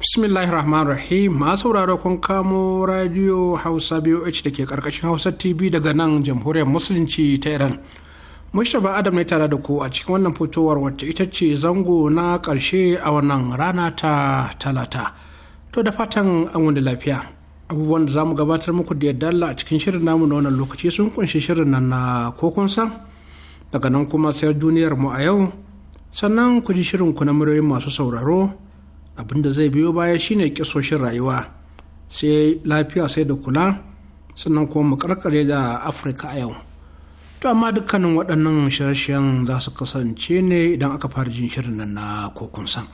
bismillahir rahman rahim masu sauraro kun kamo radio hausa boh da ke karkashin hausa tv daga nan jamhuriyar musulunci ta iran mustapha adam ne tare da ku a cikin wannan fitowar wacce ita ce zango na karshe a wannan rana ta talata to da fatan an wani lafiya abubuwan da za mu gabatar muku da yadda a cikin shirin namu na wannan lokaci sun kunshi shirin nan na kokon san daga nan kuma sayar duniyar mu a yau sannan ku ji shirin ku na muryoyin masu sauraro abinda zai biyo baya shine kisoshin rayuwa sai lafiya sai da kula sannan kuma mu karkare da afirka a yau to amma dukkanin waɗannan shirye za su kasance ne idan aka fara jin shirin nan na kokun san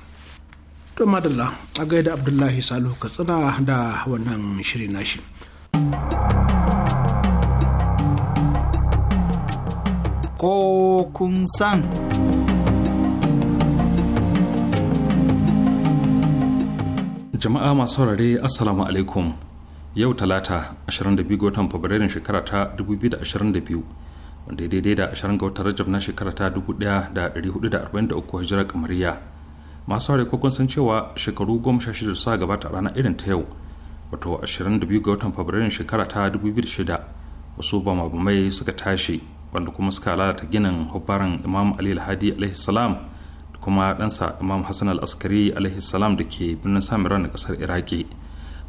to madalla a gaida abdullahi salihu katsina da wannan shirin nashi kokun san jama'a masu saurare assalamu alaikum yau talata 22 ga watan fabrairun shekara ta 2022 wanda ya daidai da 20 ga watan rajab na shekara ta 1443 hijira kamariya masu saurare ko kun san cewa shekaru 16 sa gabata rana irin ta yau wato 22 ga watan fabrairun shekara ta 2006 wasu ba mabamai suka tashi wanda kuma suka lalata ginin hubbaran imam ali alhadi alaihi salam kuma ɗansa imam hassan al-askari alaihi salam da ke birnin samiran na ƙasar iraki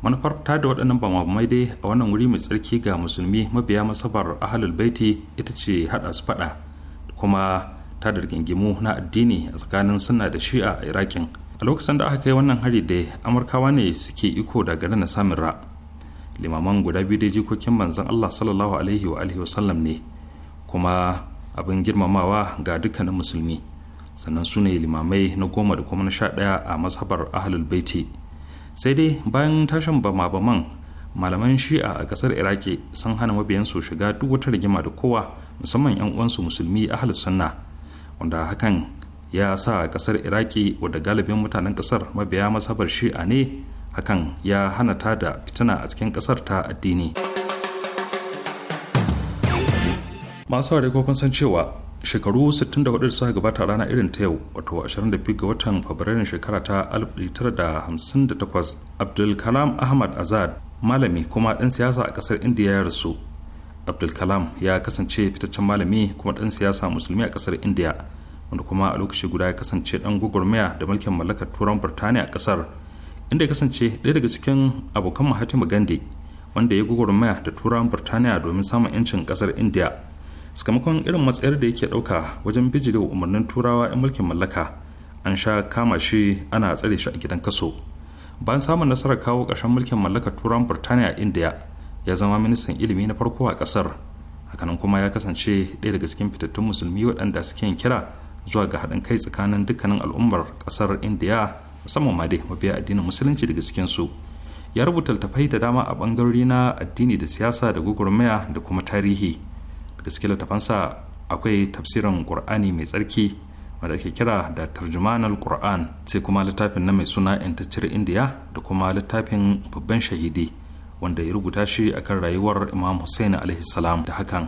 manufar ta da waɗannan bamamai dai a wannan wuri mai tsarki ga musulmi mabiya masabar ahalul baiti ita ce haɗa su faɗa kuma ta da rigingimu na addini a tsakanin sunna da shi'a a irakin a lokacin da aka kai wannan hari da amurkawa ne suke iko da garin na samira limaman guda biyu da jikokin manzon allah sallallahu alaihi wa alihi wasallam ne kuma abin girmamawa ga dukkanin musulmi sannan su ne limamai na goma da kuma na sha ɗaya a mazhabar ahlul baiti sai dai bayan tashin bama baman malaman shi'a a ƙasar iraki sun hana mabiyansu shiga duk wata rigima da kowa musamman 'yan uwansu musulmi ahlus sunna wanda hakan ya sa a ƙasar iraki wadda galibin mutanen ƙasar mabiya mazhabar shi'a ne hakan ya hana ta da fitina a cikin ƙasar ta addini masu ko kun san cewa shekaru 64 da suka gabata rana irin ta yau wato 22 ga watan fabrairun shekara ta 1958 abdulkalam ahmad azad malami kuma ɗan siyasa a ƙasar indiya ya rasu abdulkalam ya kasance fitaccen malami kuma ɗan siyasa musulmi a ƙasar indiya wanda kuma a lokaci guda ya kasance ɗan gwagwarmaya da mulkin mallakar turan birtaniya a ƙasar inda ya kasance ɗaya daga cikin abokan mahatima gandhi wanda ya gwagwarmaya da turan birtaniya domin samun 'yancin ƙasar indiya sakamakon irin matsayar da yake ɗauka wajen bijiga umarnin turawa 'yan mulkin mallaka an sha kama shi ana tsare shi a gidan kaso bayan samun nasarar kawo ƙarshen mulkin mallakar turan burtaniya india ya zama ministan ilimi na farko a ƙasar hakanan kuma ya kasance ɗaya daga cikin fitattun musulmi waɗanda suke yin kira zuwa ga haɗin kai tsakanin dukkanin al'ummar ƙasar india musamman ma dai mabiya addinin musulunci daga cikin su ya rubuta littattafai da dama a bangarori na addini da siyasa da gugurmaya da kuma tarihi da suke littafansa akwai tafsirin qur'ani mai tsarki wanda ake kira da tarjumanal qur'an sai kuma littafin na mai suna intaccir indiya da kuma littafin babban shahidi wanda ya rubuta shi akan rayuwar imam hussein alaihi salam da hakan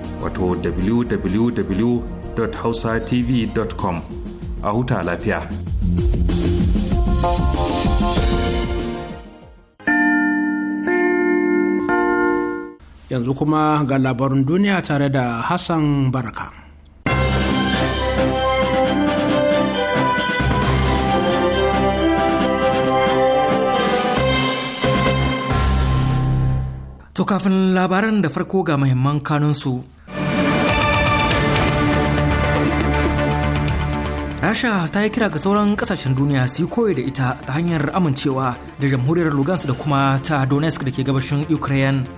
wato www.hausatv.com a huta lafiya. Yanzu kuma ga labarin duniya tare da Hassan Baraka. To kafin labaran da farko ga mahimman kanunsu. rasha ta yi kira ga sauran kasashen duniya su yi koyi da ita ta hanyar amincewa da jamhuriyar lugansu da kuma ta donetsk da ke gabashin ukraine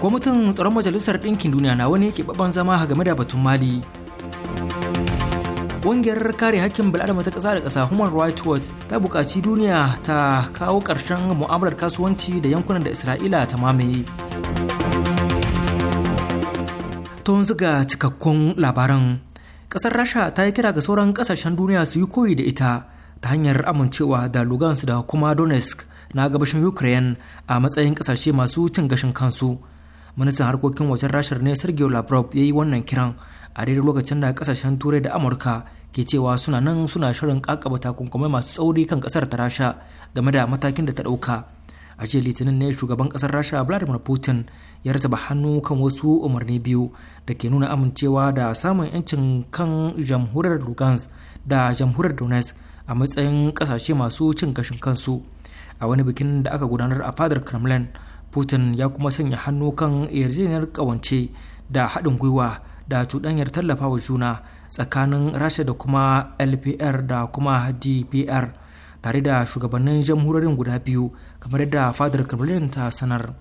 kwamitin tsaron majalisar ɗinkin duniya na wani keɓaɓɓen zama game da batun mali ƙungiyar kare hakkin bil'adama ta ƙasa da ƙasa human rights watch ta buƙaci duniya ta kawo ƙarshen mu'amalar kasuwanci da yankunan da isra'ila ta mamaye tun ziga cikakkun labaran ƙasar rasha ta yi kira ga sauran ƙasashen duniya su yi koyi da ita ta hanyar amincewa da lugansu da kuma donetsk na gabashin ukraine a matsayin ƙasashe masu cin gashin kansu ministan harkokin wajen rashar ne sergio lavrov ya yi wannan kiran a daidai lokacin da kasashen turai da amurka ke cewa suna nan suna shirin kakaba takunkumai masu tsauri kan kasar ta rasha game da matakin da ta dauka a ce litinin ne shugaban kasar rasha vladimir putin ya rataba hannu kan wasu umarni biyu da ke nuna amincewa da samun 'yancin kan jamhuriyar lugansk da jamhuriyar donetsk a matsayin kasashe masu cin gashin kansu a wani bikin da aka gudanar a fadar kremlin putin ya kuma sanya hannu kan yarjejeniyar kawance da haɗin gwiwa da cuɗanyar tallafawa juna tsakanin rasha da kuma lpr da kuma dpr tare da shugabannin jamhuriyar guda biyu kamar yadda fadar kremlin ta sanar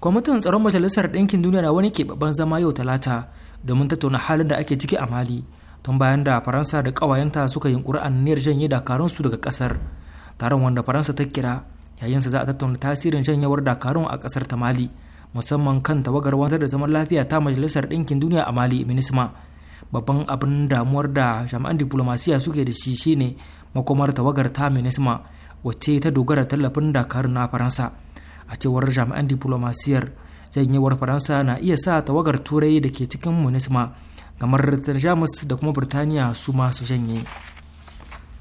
kwamitin tsaron majalisar ɗinkin duniya na wani keɓaɓɓen zama yau talata domin tattauna halin da ake ciki a mali tun bayan da faransa da ƙawayenta suka yunkuri aniyar janye dakarunsu daga ƙasar taron wanda faransa ta kira yayinsa za a tattauna tasirin janyewar dakarun a ƙasar ta mali musamman kan tawagar wanzar da zaman lafiya ta majalisar ɗinkin duniya a mali minisma babban abin damuwar da jami'an diplomasiya suke da shi shine makomar tawagar ta minisma wacce ta dogara tallafin dakarun na faransa a cewar jami'an diplomasiyar janyewar faransa na iya sa tawagar turai da ke cikin munisma kamar jamus da kuma birtaniya su masu janye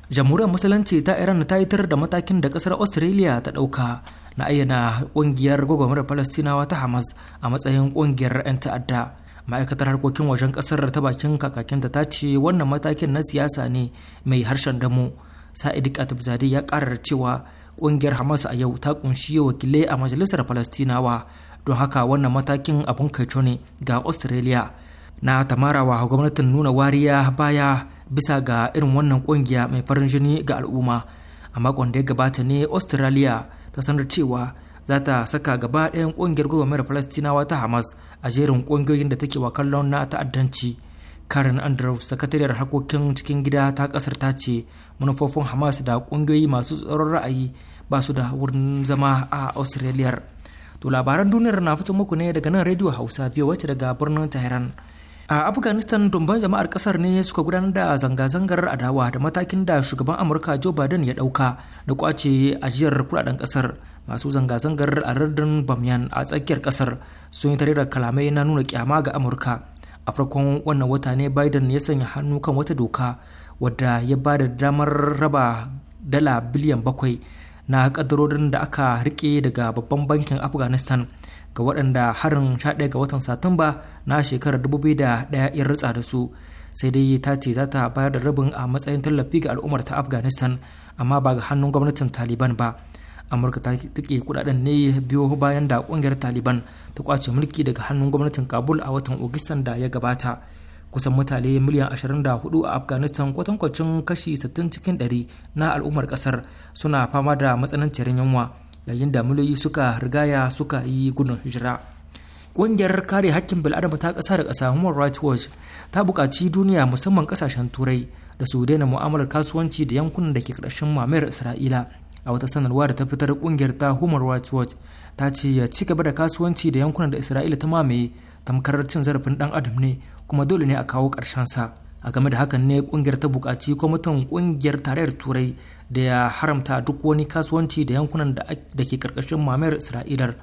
jamhuriyar musulunci ta iran ta yitar da matakin da kasar australia ta ɗauka na ayyana ƙungiyar gwagwarmar falastinawa ta hamas a matsayin ƙungiyar 'yan ta'adda ma'aikatar harkokin wajen kasar ta bakin kakakinta ta ce wannan matakin na siyasa ne mai harshen damu sa'id katibzade ya karar cewa ƙungiyar hamas a yau ta kunshi wakilai a majalisar falastinawa don haka wannan matakin abun kaico ne ga australia na tamarawa gwamnatin nuna wariya baya bisa ga irin wannan ƙungiya mai farin jini ga al'umma a makon da ya gabata ne australia ta sanar cewa za ta saka gaba ɗayan ƙungiyar gwamnatin falastinawa ta hamas a jerin ƙungiyoyin da take wa kallon na ta'addanci Karen Andrew, sakatariyar harkokin cikin gida ta kasar ta ce manufofin Hamas da kungiyoyi masu tsaron ra'ayi ba su da wurin zama a Australia. To labaran duniyar na fito muku ne daga nan Radio Hausa biyo wacce daga birnin Tehran. A Afghanistan dumban jama'ar kasar ne suka gudanar da zanga-zangar adawa da matakin da shugaban Amurka Joe Biden ya dauka da kwace ajiyar kudaden kasar masu zanga-zangar a lardin Bamyan a tsakiyar kasar sun yi tare da kalamai na nuna kyama ga Amurka. a farkon wannan wata ne biden ya sanya hannu kan wata doka wadda ya ba da damar raba dala biliyan bakwai na kadarorin da aka rike daga babban bankin afghanistan ga waɗanda harin 11 ga watan satumba na shekarar 2001 ya ritsa da su sai dai ta ce za ta bayar da rabin a matsayin tallafi ga al'ummar ta afghanistan amma ba ga hannun gwamnatin taliban ba amurka ta rike kudaden ne biyo bayan da kungiyar taliban ta kwace mulki daga hannun gwamnatin kabul a watan ogistan da ya gabata kusan mutane miliyan 24 a afghanistan kwatankwacin kashi 60 cikin 100 na al'ummar kasar suna fama da matsananciyar yunwa yayin da miliyoyi suka rigaya suka yi gudun hijira ƙungiyar kare hakkin bil'adama ta kasa da kasa human rights watch ta buƙaci duniya musamman ƙasashen turai da su daina mu'amalar kasuwanci da yankunan da ke ƙarshen mamayar isra'ila a wata sanarwa da ta fitar kungiyar ta human rights watch ta ce ya ci gaba da kasuwanci da yankunan da isra'ila ta mamaye tamkar cin zarafin dan adam ne kuma dole ne a kawo karshen sa a game da hakan ne kungiyar ta bukaci kwamitin kungiyar tarayyar turai da ya haramta duk wani kasuwanci da yankunan da ke karkashin mamayar isra'ilar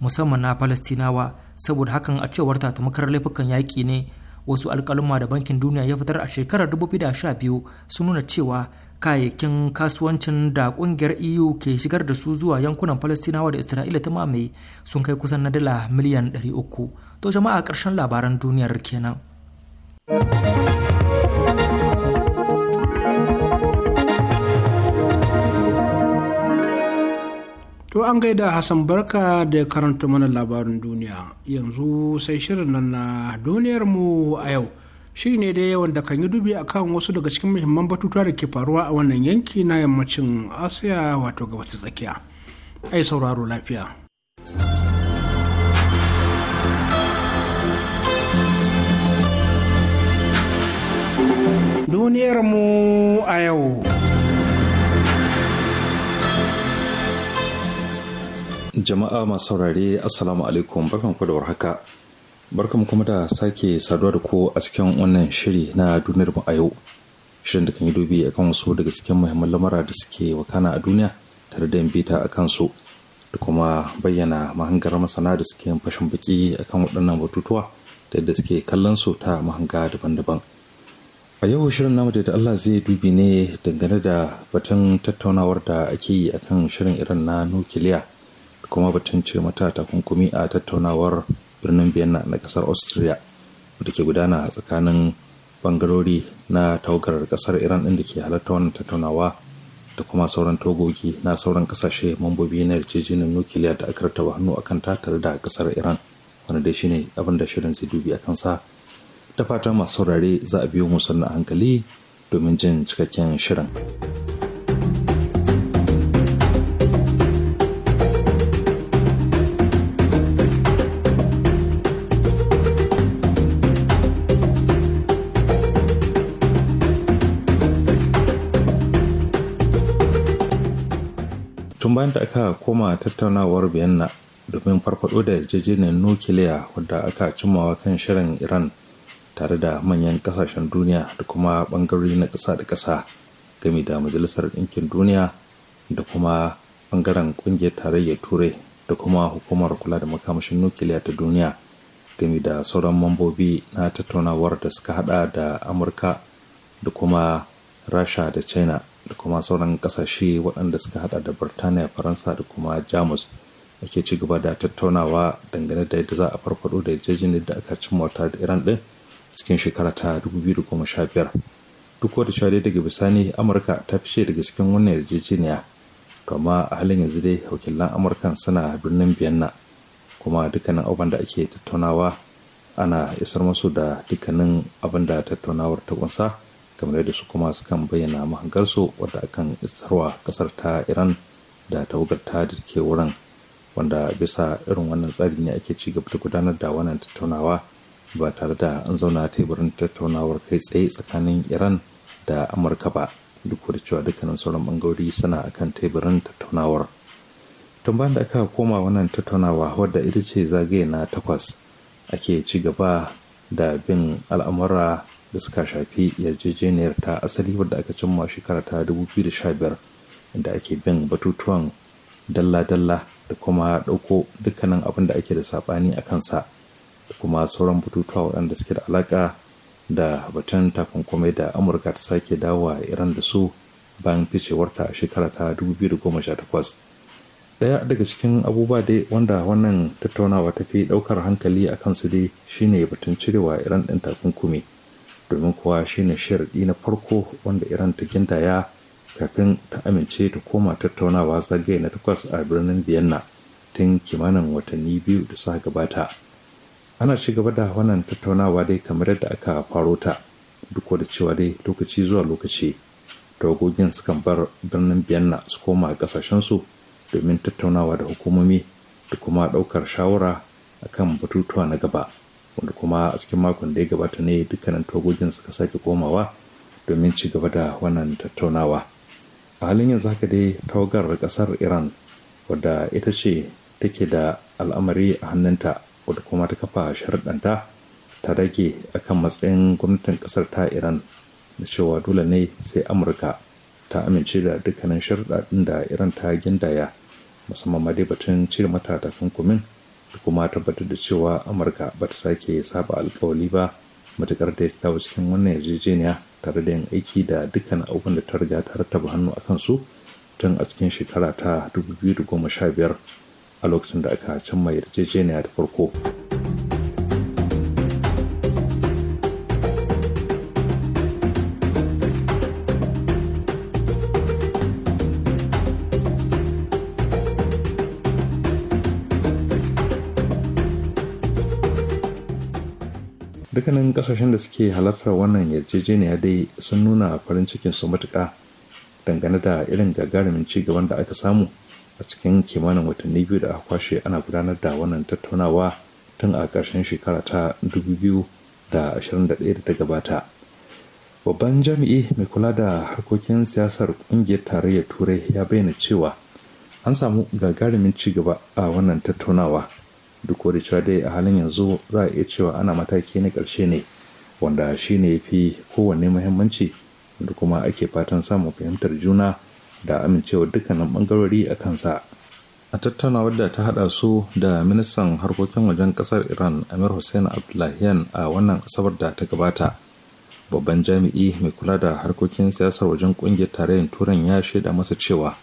musamman na falastinawa saboda hakan a cewar ta tamkar laifukan yaƙi ne wasu alkaluma da bankin duniya ya fitar a shekarar 2012 sun nuna cewa kayayyakin kasuwancin da kungiyar eu ke shigar da su zuwa yankunan falastinawa da isra'ila ta mamaye sun kai kusan na dala miliyan 300 to jama'a karshen labaran duniyar kenan To an gaida Hassan Barka da karanta mana labarin duniya yanzu sai shirin nan na duniyarmu a yau. shi ne da yawan da kan yi dubi a akan wasu daga cikin muhimman batutuwa da ke faruwa a wannan yanki na yammacin asiya wato gabas ta tsakiya ai sauraro lafiya duniyarmu a yau jama'a masu saurare assalamu alaikum barkanku da warhaka barkamu kuma da sake saduwa da ku a cikin wannan shiri na duniyar mu a yau shirin da kan yi dubi akan wasu daga cikin muhimman lamura da suke wakana a duniya tare da bita a kansu da kuma bayyana mahangar masana da suke fashin baki akan waɗannan batutuwa da yadda suke kallon su ta mahanga daban-daban a yau shirin namu da Allah zai dubi ne dangane da batun tattaunawar da ake yi a kan shirin irin na nukiliya da kuma batun ce mata takunkumi a tattaunawar birnin vienna na kasar austria da ke gudana a tsakanin bangarori na tawagar kasar iran inda da ke halarta wannan tattaunawa da kuma sauran togogi na sauran kasashe mambobi na yarjejeniyar nukiliya da aka rataba hannu akan ta tare da kasar iran wanda dai shine abin da shirin zai dubi a kansa da fatan masu saurare za a biyo mu sannan hankali domin jin cikakken shirin. bayan da aka koma tattaunawar vienna domin farfado da yarjejeniyar nukiliya wadda aka cimmawa kan shirin iran tare da manyan kasashen duniya da kuma bangarori na ƙasa da ƙasa game da majalisar ɗinkin duniya da kuma bangaren ƙungiyar tarayyar turai da kuma hukumar kula da makamashin nukiliya ta duniya game da sauran mambobi na tattaunawar da suka hada da amurka da kuma rasha da china da kuma sauran kasashe waɗanda suka hada da birtaniya faransa da kuma jamus da ke ci gaba da tattaunawa dangane da yadda za a farfado da yarjejeniyar da aka cimma wata da iran din cikin shekara ta 2015 duk wata shari'a daga bisani amurka ta fice daga cikin wannan yarjejeniya to amma a halin yanzu dai wakilan amurkan suna birnin biyanna kuma dukkanin abin da ake tattaunawa ana isar masu da dukkanin abin da tattaunawar ta kunsa kamar yadda su kuma sukan bayyana mahangarsu wadda akan isarwa kasar ta iran da ta ta da ke wurin wanda bisa irin wannan tsari ne ake ci gaba da gudanar da wannan tattaunawa ba tare da an zauna teburin tattaunawar kai tsaye tsakanin iran da amurka ba duk da cewa dukkanin sauran bangarori suna akan teburin tattaunawar tun bayan da aka koma wannan tattaunawa wadda ita ce zagaye na takwas ake ci gaba da bin al'amura da suka shafi yarjejeniyar ta asali wadda aka cimma shekara ta 2015 inda ake bin batutuwan dalla-dalla da kuma ɗauko dukkanin abin da ake da saɓani a kansa da kuma sauran batutuwa waɗanda suke da alaƙa da batun takunkumai da amurka ta sake dawa iran da su bayan ficewarta a shekara ta 2018 daya daga cikin abubuwa dai wanda wannan tattaunawa ta fi daukar hankali a kansu dai shine batun cirewa iran ɗin takunkumi domin kuwa shine sharaɗi na farko wanda iran ta ya kafin ta amince ta koma tattaunawa zagaye na takwas a birnin vienna tun kimanin watanni biyu da suka gabata ana ci gaba da wannan tattaunawa dai kamar yadda aka faro ta duk da cewa dai lokaci zuwa lokaci dogogin sukan bar birnin vienna su koma kasashen su domin tattaunawa da hukumomi da kuma daukar shawara akan batutuwa na gaba wanda kuma a cikin makon da ya gabata ne dukkanin togogin suka sake komawa domin ci gaba da wannan tattaunawa a halin yanzu haka dai tawagar kasar iran wadda ita ce take da al'amari a hannunta wadda kuma ta kafa sharaɗanta ta rage kan matsayin gwamnatin kasar ta iran da cewa dole ne sai amurka ta amince da dukkanin sharaɗaɗin da iran ta gindaya musamman ma dai batun cire mata takunkumin ta kuma tabbatar da cewa amurka ba ta sake saba alkawali ba matukar da ta dawo cikin wannan yarjejeniya tare da yin aiki da dukkan abubuwan da ta riga ta rattaba hannu a kansu tun a cikin shekara ta 2015 a lokacin da aka cimma yarjejeniya ta farko. dukkanin kasashen da suke halartar wannan yarjejeniya dai sun nuna farin cikin su matuƙa dangane da irin gagarumin ci gaban da aka samu a cikin kimanin watanni biyu da aka kwashe ana gudanar da wannan tattaunawa tun a karshen shekara ta 2021 da ta gabata babban jami'i mai kula da harkokin siyasar ƙungiyar tarayyar turai ya bayyana cewa an samu gagarumin ci gaba a wannan tattaunawa duk da cewa dai a halin yanzu za a iya cewa ana mataki na ƙarshe ne wanda shi ne fi kowanne muhimmanci da kuma ake fatan samun fahimtar juna da amincewa dukkanin bangarori a kansa a tattaunawar wadda ta hada su da ministan harkokin wajen kasar iran amir hussein abdullahian a wannan asabar da ta gabata babban jami'i mai kula da harkokin siyasar wajen kungiyar tarayyar turan ya shaida masa cewa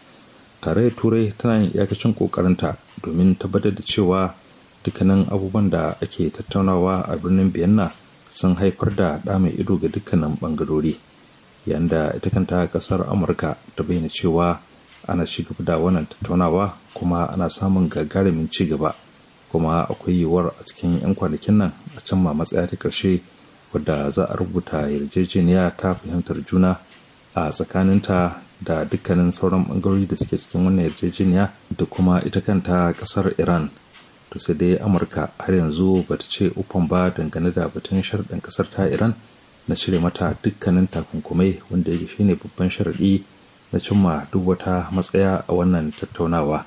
tarayyar turai tana yin iyakacin kokarinta domin tabbatar da cewa dukkanin abubuwan da ake tattaunawa a birnin vienna sun haifar da ɗa mai ido ga dukkanin ɓangarori yayin da ita kanta ƙasar amurka ta bayyana cewa ana shiga da wannan tattaunawa kuma ana samun gagarumin ci gaba kuma akwai yiwuwar a cikin 'yan kwanakin nan a can ma matsaya ta karshe wadda za a rubuta yarjejeniya ta fahimtar juna a tsakaninta da dukkanin sauran bangarori da suke cikin wannan yarjejeniya da kuma ita kanta ƙasar iran to sai dai amurka har yanzu bata ce ufan ba dangane da batun sharaɗin ƙasar ta iran na cire mata dukkanin takunkumai wanda yake shine babban sharaɗi na cimma duk wata matsaya a wannan tattaunawa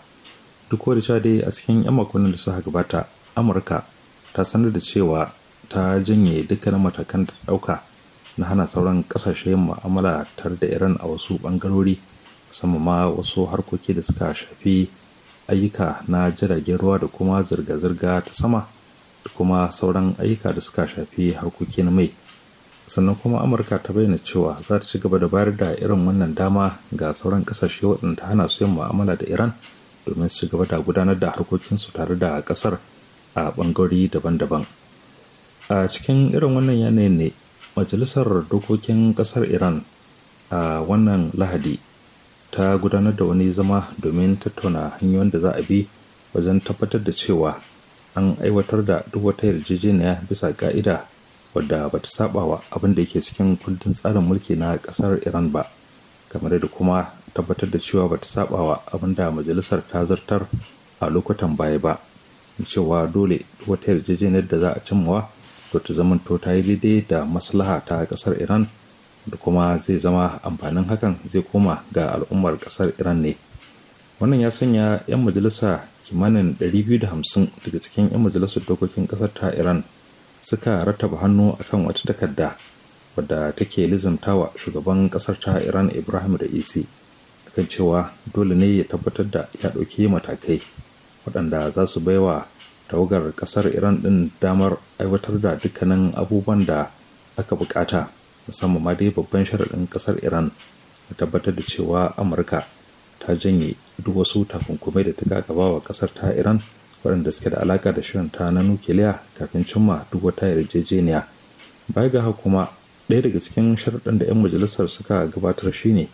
duk da cewa dai a cikin 'yan makonnin da suka gabata amurka ta sanar da cewa ta janye dukkanin matakan da ɗauka na hana sauran ƙasashe mu'amala tare da iran a wasu ɓangarori musamman ma wasu harkoki da suka shafi ayyuka na jiragen ruwa da kuma zirga-zirga ta sama da kuma sauran ayyuka da suka shafi harkoki na mai sannan kuma amurka ta bayyana cewa za ta ci gaba da bayar da irin wannan dama ga sauran kasashe waɗanda hana su yin mu'amala da iran domin su ci gaba da gudanar da harkokinsu tare da ƙasar a ɓangarori daban-daban a cikin irin wannan yanayin ne majalisar dokokin ƙasar iran a wannan lahadi ta gudanar da wani zama domin tattauna hanyoyin da za a bi wajen tabbatar da cewa an aiwatar da duk wata yarjejeniya bisa ka'ida wadda ba ta saba wa abin da ke cikin kundin tsarin mulki na kasar iran ba kamar da kuma tabbatar da cewa ba ta saba wa abin da majalisar ta zartar a lokutan baya ba cewa dole wata yarjejeniyar da za a cimmawa to ta zamanto ta yi daidai da maslaha ta kasar iran da kuma zai zama amfanin hakan zai koma ga al'ummar kasar iran ne wannan ya sanya 'yan majalisa kimanin 250 daga cikin 'yan majalisar dokokin kasar ta iran suka rattaba hannu akan wata takarda wadda take lizamtawa shugaban kasar ta iran ibrahim da isi kan cewa dole ne ya tabbatar da ya ɗauki matakai waɗanda za su baiwa tawagar kasar iran ɗin damar aiwatar da dukkanin abubuwan da aka buƙata. musamman ma dai babban sharaɗin ƙasar iran da tabbatar da cewa amurka ta janye duk wasu takunkumai da ta gaba wa ƙasar ta iran waɗanda suke da alaƙa da shirin ta na nukiliya kafin cimma duk wata yarjejeniya baya ga kuma ɗaya daga cikin sharaɗin da 'yan majalisar suka gabatar shine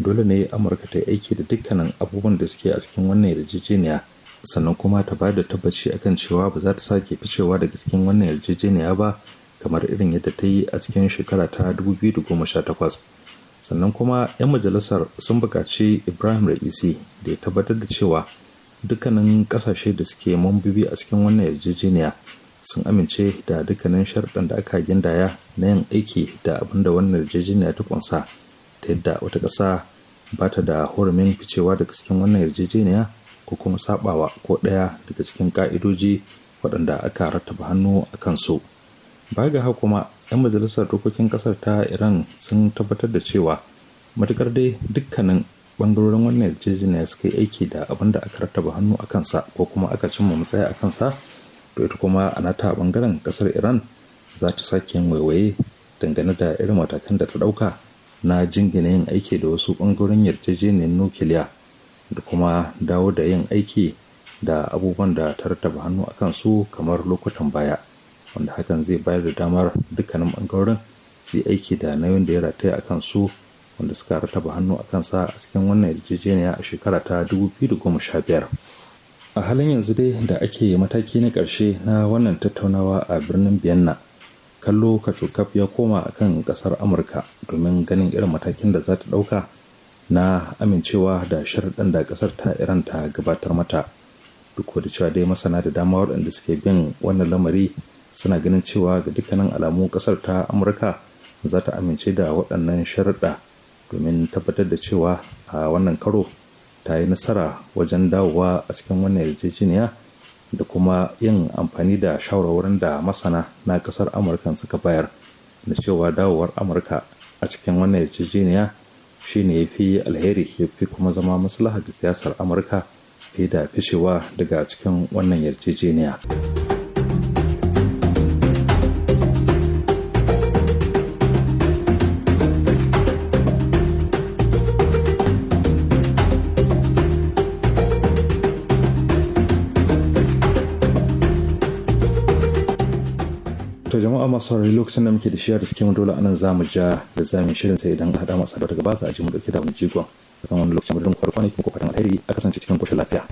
dole ne amurka ta yi aiki da dukkanin abubuwan da suke a cikin wannan yarjejeniya sannan kuma ta bada tabbaci akan cewa ba za ta sake ficewa daga cikin wannan yarjejeniya ba kamar irin yadda ta yi a cikin shekara ta 2018 sannan kuma 'yan majalisar sun buƙaci ibrahim ra'isi da ya tabbatar da cewa dukkanin ƙasashe da suke mambobi a cikin wannan yarjejeniya sun amince da dukkanin sharɗan da aka gindaya na yin aiki da abin da wannan yarjejeniya ta kunsa ta yadda wata ƙasa ba ta da hurumin ficewa daga cikin wannan yarjejeniya ko kuma sabawa ko ɗaya daga cikin ƙa'idoji waɗanda aka rattaba hannu a kansu. baya ga kuma 'yan majalisar dokokin kasar ta iran sun tabbatar da cewa matukar dai dukkanin bangarorin wannan yarjejeniya suka yi aiki da abin da aka rattaba hannu a kansa ko kuma aka cimma matsaya a kansa to ita kuma a nata bangaren kasar iran za ta sake yin waiwaye dangane da irin matakan da ta dauka na jingina yin aiki da wasu bangarorin yarjejeniyar nukiliya da kuma dawo da yin aiki da abubuwan da ta rattaba hannu a kansu kamar lokutan baya wanda hakan zai bayar da damar dukkanin bangarorin su yi aiki da nauyin da ya rataya a su wanda suka rataba hannu a kansa a cikin wannan yarjejeniya a shekara ta 2015 a halin yanzu dai da ake mataki na ƙarshe na wannan tattaunawa a birnin vienna kallo kacokaf ya koma a kan ƙasar amurka domin ganin irin matakin da za ta ɗauka na amincewa da sharaɗin da ƙasar ta iran ta gabatar mata duk da cewa dai masana da dama waɗanda suke bin wannan lamari suna ganin cewa ga dukkanin alamu kasar ta amurka za ta amince da waɗannan sharaɗa domin tabbatar da cewa a wannan karo ta yi nasara wajen dawowa a cikin wannan yarjejeniya da kuma yin amfani da shawarwarin da masana na kasar amurka suka bayar da cewa dawowar amurka a cikin wannan yarjejeniya shine ya fi alheri ya fi kuma zama maslaha ga siyasar amurka fiye da fishewa daga cikin wannan yarjejeniya. jama'a masu saurari lokacin da muke da shiya da suke mu dole anan zamu ja da zamin shirin sai idan hada masu da daga basa a ji mu dauke da wani jigon kan wani lokacin mu dinga kwanaki kin kokarin alheri a kasance cikin kushin lafiya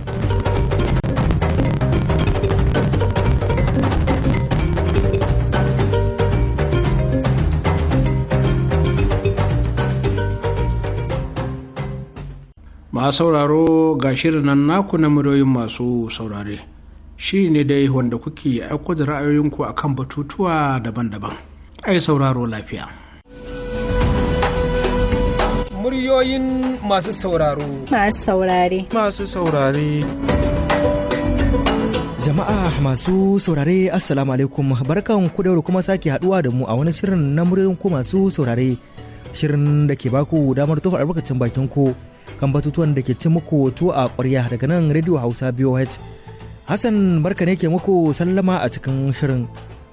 ma sauraro ga shirin nan naku na muryoyin masu saurare shi ne dai wanda kuke aiko da ra'ayoyinku a kan batutuwa daban-daban. Ai sauraro lafiya. Muryoyin masu sauraro. Masu saurare. Masu saurare. Jama'a masu saurare Assalamu alaikum barkan ku da kuma sake haduwa da mu a wani shirin na muryoyin ku masu saurare. Shirin da ke baku damar tofa albarkacin bakin ku kan batutuwan da ke cin muku tuwo a ƙwarya daga nan Radio Hausa BOH Hassan barka ne ke muku sallama a cikin shirin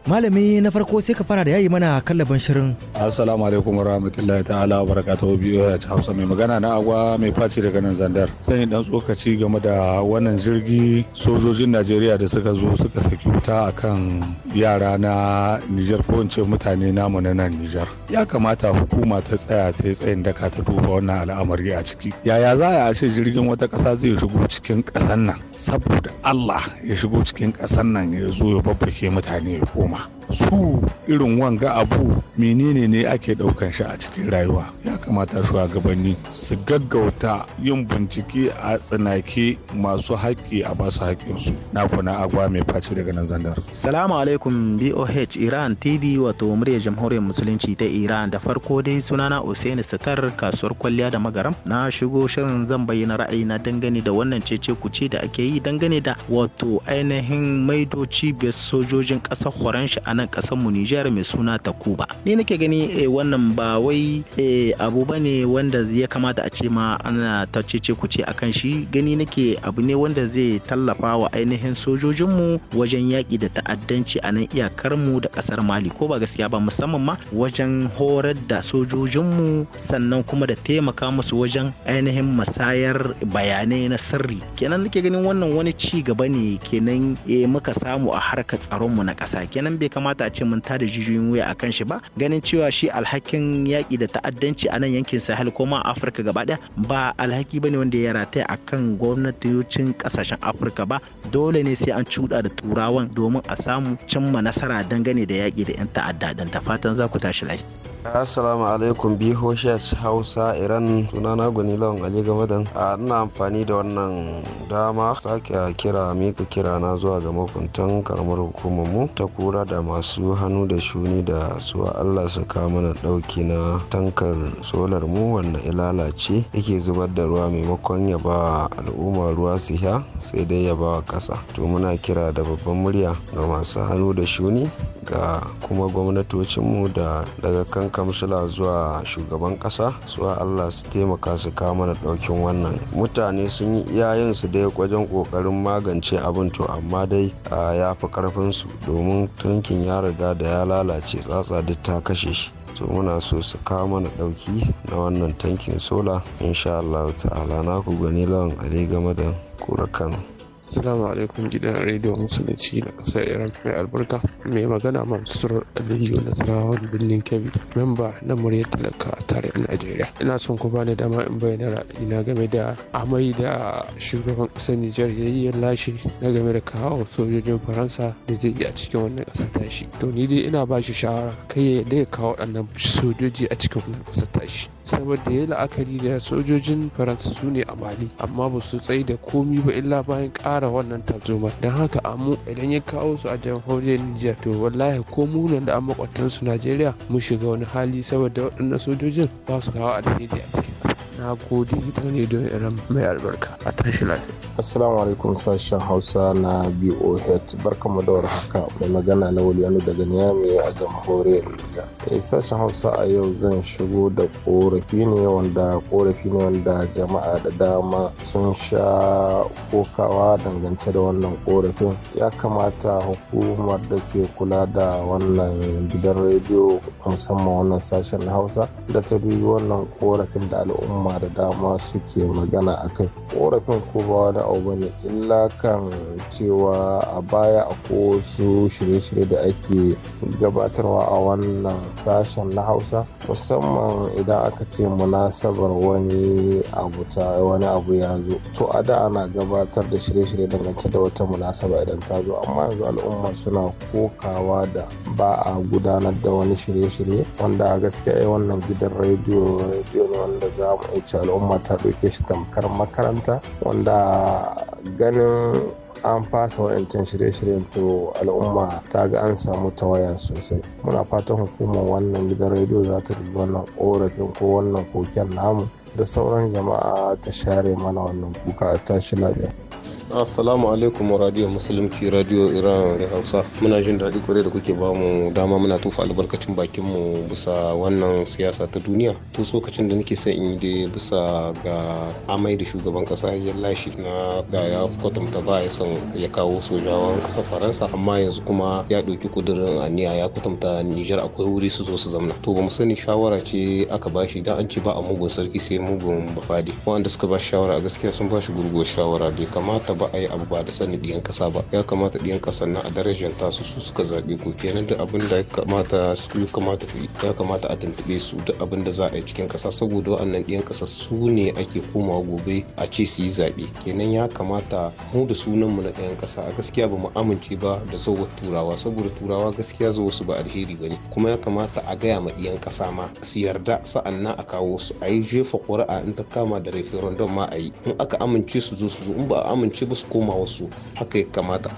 malami na farko sai ka fara da yayi mana kallaban shirin assalamu alaikum warahmatullahi ta'ala barakatuhu biyu ya ci hausa mai magana na agwa mai faci daga nan zandar sai dan tsokaci game da wannan jirgi sojojin najeriya da suka zo suka saki wuta akan yara na nijar ko in ce mutane namu na nan nijar ya kamata hukuma ta tsaya ta tsayin daka ta duba wannan al'amari a ciki yaya za a ce jirgin wata ƙasa zai shigo cikin ƙasan nan saboda allah ya shigo cikin ƙasan nan ya zo ya babbake mutane ya koma программах. su irin wanga abu menene ne ake ɗaukan shi a cikin rayuwa ya kamata shugabanni su gaggauta yin bincike a tsinake masu haƙƙi a basu haƙƙinsu na kuna agwa mai face daga nan zandar salamu alaikum boh iran tv wato muryar jamhuriyar musulunci ta iran da farko dai sunana usaini satar kasuwar kwalliya da magaram na shigo shirin zan bayyana ra'ayina dangane da wannan cece kuce da ake yi dangane da wato ainihin maido cibiyar sojojin ƙasar horon a nan kasar mu Nijar mai suna Takuba ni nake gani eh, wannan ba wai eh, abu bane wanda ya kamata a ce ma ana ta cece kuce akan shi gani nake abu ne wanda zai tallafa wa ainihin sojojin mu wajen yaƙi da ta'addanci a nan iyakar mu da ƙasar Mali ko ba gaskiya ba musamman ma wajen horar da sojojin mu sannan kuma da taimaka musu wajen ainihin masayar bayanai na sirri kenan nake ganin wannan wani ci gaba ne kenan eh, muka samu a harkar tsaronmu na ƙasa kenan bai kamata kamata a ce mun tada jijiyoyin wuya a kan shi ba ganin cewa shi alhakin yaƙi da ta'addanci a nan yankin sahel ko ma afirka gaba ɗaya ba alhaki bane wanda ya rataya akan gwamnatocin ƙasashen afirka ba dole ne sai an cuɗa da turawan domin a samu cimma nasara dangane da yaƙi da 'yan ta'adda da fatan za ku tashi lafiya. assalamu alaikum bihoshes hausa iran sunana gani lawan ali gamadan a ah, ina amfani da wannan dama sake kira mika kira na zuwa ga makuntan karamar hukumar mu ta kura da masu hannu da shuni da su allah su ka mana dauki na tankar solar mu wannan ilalace yake zubar da ruwa maimakon ya ba al'umma ruwa su sha sai dai ya ba wa kasa to muna kira da babban murya ga masu hannu da shuni ga kuma gwamnatocinmu da daga kan kamsula zuwa shugaban ƙasa suwa allah su taimaka su kawo mana ɗaukin wannan mutane sun yi iyayen su dai wajen kokarin magance abin to amma dai a fi karfin su domin tankin ya riga da ya lalace tsatsa duk ta kashe shi to muna so su kawo mana ɗauki na wannan tankin sola insha allah ta'ala na ku gani lawan ale game da kura kano Assalamu alaikum gidan rediyo musulunci na ƙasar Iran mai albarka mai magana Mansur Aliyu na Birnin Kebbi memba na muryar talaka a tarihin Najeriya. Ina son ku bani dama in bayyana ra'ayina game da amai da shugaban ƙasar Nijar ya yi lashe na game da kawo sojojin Faransa da zai yi a cikin wannan ƙasar tashi. To ni dai ina ba shi shawara kai ya yarda ya kawo waɗannan sojoji a cikin wannan ƙasar tashi. saboda ya la'akari da sojojin faransa su ne a mali amma ba su tsaye da komi ba illa bayan ƙara wannan tarzoma don haka amu idan ya kawo su a jamhuriyar nijar to wallahi ko nan da an makwatansu najeriya mu shiga wani hali saboda waɗannan sojojin ba su kawo alheri a cikin ƙasa na gode ne don irin mai albarka a tashi lafiya assalamu alaikum sashen hausa na boh barka da haka mai magana na waliyanu daga niyami a jamhuriyar niger eh, sashen hausa a yau zan shigo da korafi ne wanda korafi ne wanda jama'a da dama sun sha kokawa dangance da wannan korafin ya kamata hukumar da ke kula da wannan gidan rediyo musamman wannan sashen hausa da ta dubi wannan korafin da al'umma dama da dama suke magana a kai korafin ko ba wani abu bane illa kan cewa a baya a wasu shirye-shirye da ake gabatarwa a wannan sashen na hausa musamman idan aka ce munasabar wani abu ta wani abu ya zo to a da ana gabatar da shirye-shirye dangance da wata munasaba idan ta zo amma yanzu al'umma suna kokawa da ba a gudanar da wani shirye-shirye wanda a gaskiya eh, wannan gidan rediyo rediyo ne wanda za mu wuce al'umma ta ɗauke shi tamkar makaranta wanda ganin an fasa waɗancan shirye-shiryen to al'umma ta ga an samu tawaya sosai muna fatan hukumar wannan gidan rediyo za ta dubi wannan korafin ko wannan koken namu da sauran jama'a ta share mana wannan kuka a tashi lafiya assalamu alaikum radio musulunci radio iran da hausa muna jin daɗi kwarai da kuke ba mu dama muna tofa albarkacin bakin mu bisa wannan siyasa ta duniya to sokacin da nake sa in yi dai bisa ga amai da shugaban kasa ya lashe na da ya kwatanta ba ya san ya kawo sojawan kasa faransa amma yanzu kuma ya ɗauki kudurin aniya ya kwatanta nijar akwai wuri su zo su zamna to ba mu sani shawara ce aka bashi dan an ce ba a mugun sarki sai mugun bafadi wanda suka ba shawara a gaskiya sun ba shi gurguwar shawara bai kamata ba a yi abu ba da sani ɗiyan kasa ba ya kamata ɗiyan ƙasar na a darajar tasu su suka zaɓe ko kenan duk abin da ya kamata su kamata ya kamata a tuntuɓe su duk abin da za a yi cikin kasa saboda waɗannan ɗiyan kasa su ne ake komawa gobe a ce su yi zaɓe kenan ya kamata mu da sunan mu na ɗiyan kasa a gaskiya ba mu amince ba da zauwar turawa saboda turawa gaskiya zuwa su ba alheri ba ne kuma ya kamata a gaya ma ɗiyan kasa ma su yarda sa'annan a kawo su a yi jefa ƙuri'a in ta kama da referendum ma a yi in aka amince su zo su zo in ba a amince wasu ba su koma wasu haka ya kamata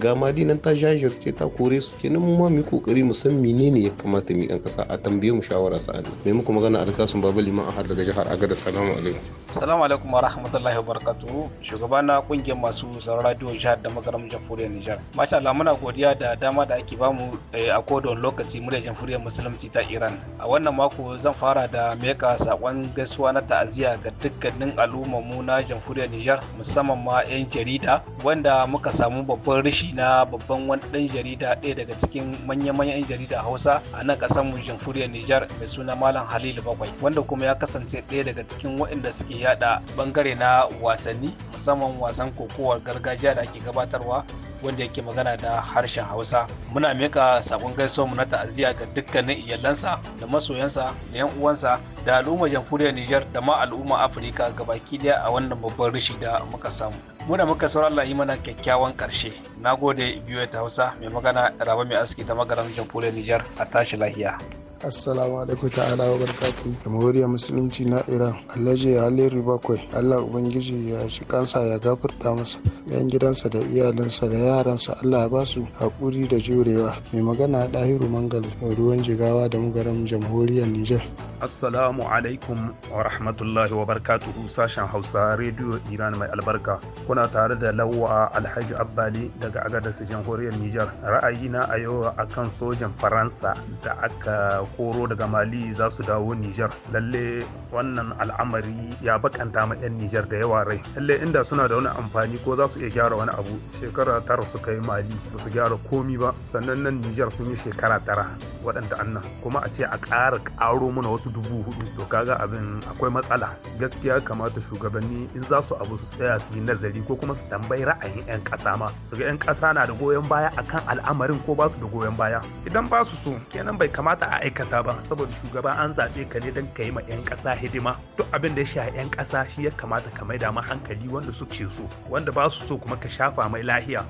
ga ma dinan ta ce ta kore su kenan nan ma mu kokari mu san menene ya kamata mu dan kasa a tambaye mu shawara Allah mai muku magana alkasun baba liman ahad daga jihar agada salamu alaikum salamu alaikum wa rahmatullahi wa barakatuh shugaba na kungiyar masu sauraro radio jihar da magaram jamhuriyar Nijar masha Allah muna godiya da dama da ake bamu eh, a kodon lokaci mu da jamhuriyar musulunci ta Iran a wannan mako zan fara da meka sakon gaisuwa na ta'aziyya ga dukkanin al'umma mu na jamhuriyar Nijar musamman ma 'yan jarida wanda muka samu babban rishin shi na babban wani ɗan jarida ɗaya daga cikin manya-manyan 'yan jarida Hausa a nan ƙasar mu jamhuriyar Nijar mai suna Malam Halilu Bakwai wanda kuma ya kasance ɗaya daga cikin waɗanda suke yada bangare na wasanni musamman wasan kokowar gargajiya da ake gabatarwa wanda yake magana da harshen hausa muna mika sakon gaisuwa mu na ta'aziya ga dukkanin iyalansa da masoyansa da yan uwansa da al'ummar jamhuriyar Nijar da ma al'umma Afirka gabaki daya a wannan babban rishi da muka samu mu da muka sauran Allah yi mana kyakkyawan karshe na gode biyu ta hausa mai magana raba mai aski ta magaram jamhuriyar nijar a tashi lahiya assalamu alaikum ala wa barkatu jamhuriyar musulunci na iran alhaji riba bakwai allah ubangiji ya shi kansa ya gafarta masa yan gidansa da iyalinsa da yaransa allah ba su haƙuri da jurewa mai magana ɗahiru mangal ruwan jigawa da mugaran jamhuriyar nijar assalamu alaikum wa rahmatullahi wa barkatu sashen hausa rediyo iran mai albarka kuna tare da lawa alhaji abbali daga agadas jamhuriyar nijar ra'ayina a yau akan sojan faransa da aka koro daga mali za su dawo nijar lalle wannan al'amari ya bakanta ma 'yan nijar da yawa rai lalle inda suna da wani amfani ko za su iya gyara wani abu shekara tara suka yi mali ba su gyara komi ba sannan nan nijar sun yi shekara tara waɗanda annan kuma a ce a ƙara ƙaro mana wasu dubu hudu to kaga abin akwai matsala gaskiya kamata shugabanni in za su abu su tsaya su yi nazari ko kuma su tambayi ra'ayin 'yan ƙasa ma su ga 'yan ƙasa na da goyon baya akan al'amarin ko ba su da goyon baya idan ba su so kenan bai kamata a aika aikata ba saboda shugaba an zaɓe ka ne don ka yi ma 'yan ƙasa hidima duk abin da ya sha 'yan ƙasa shi ya kamata ka maida ma hankali wanda suke so wanda ba su so kuma ka shafa mai lahiya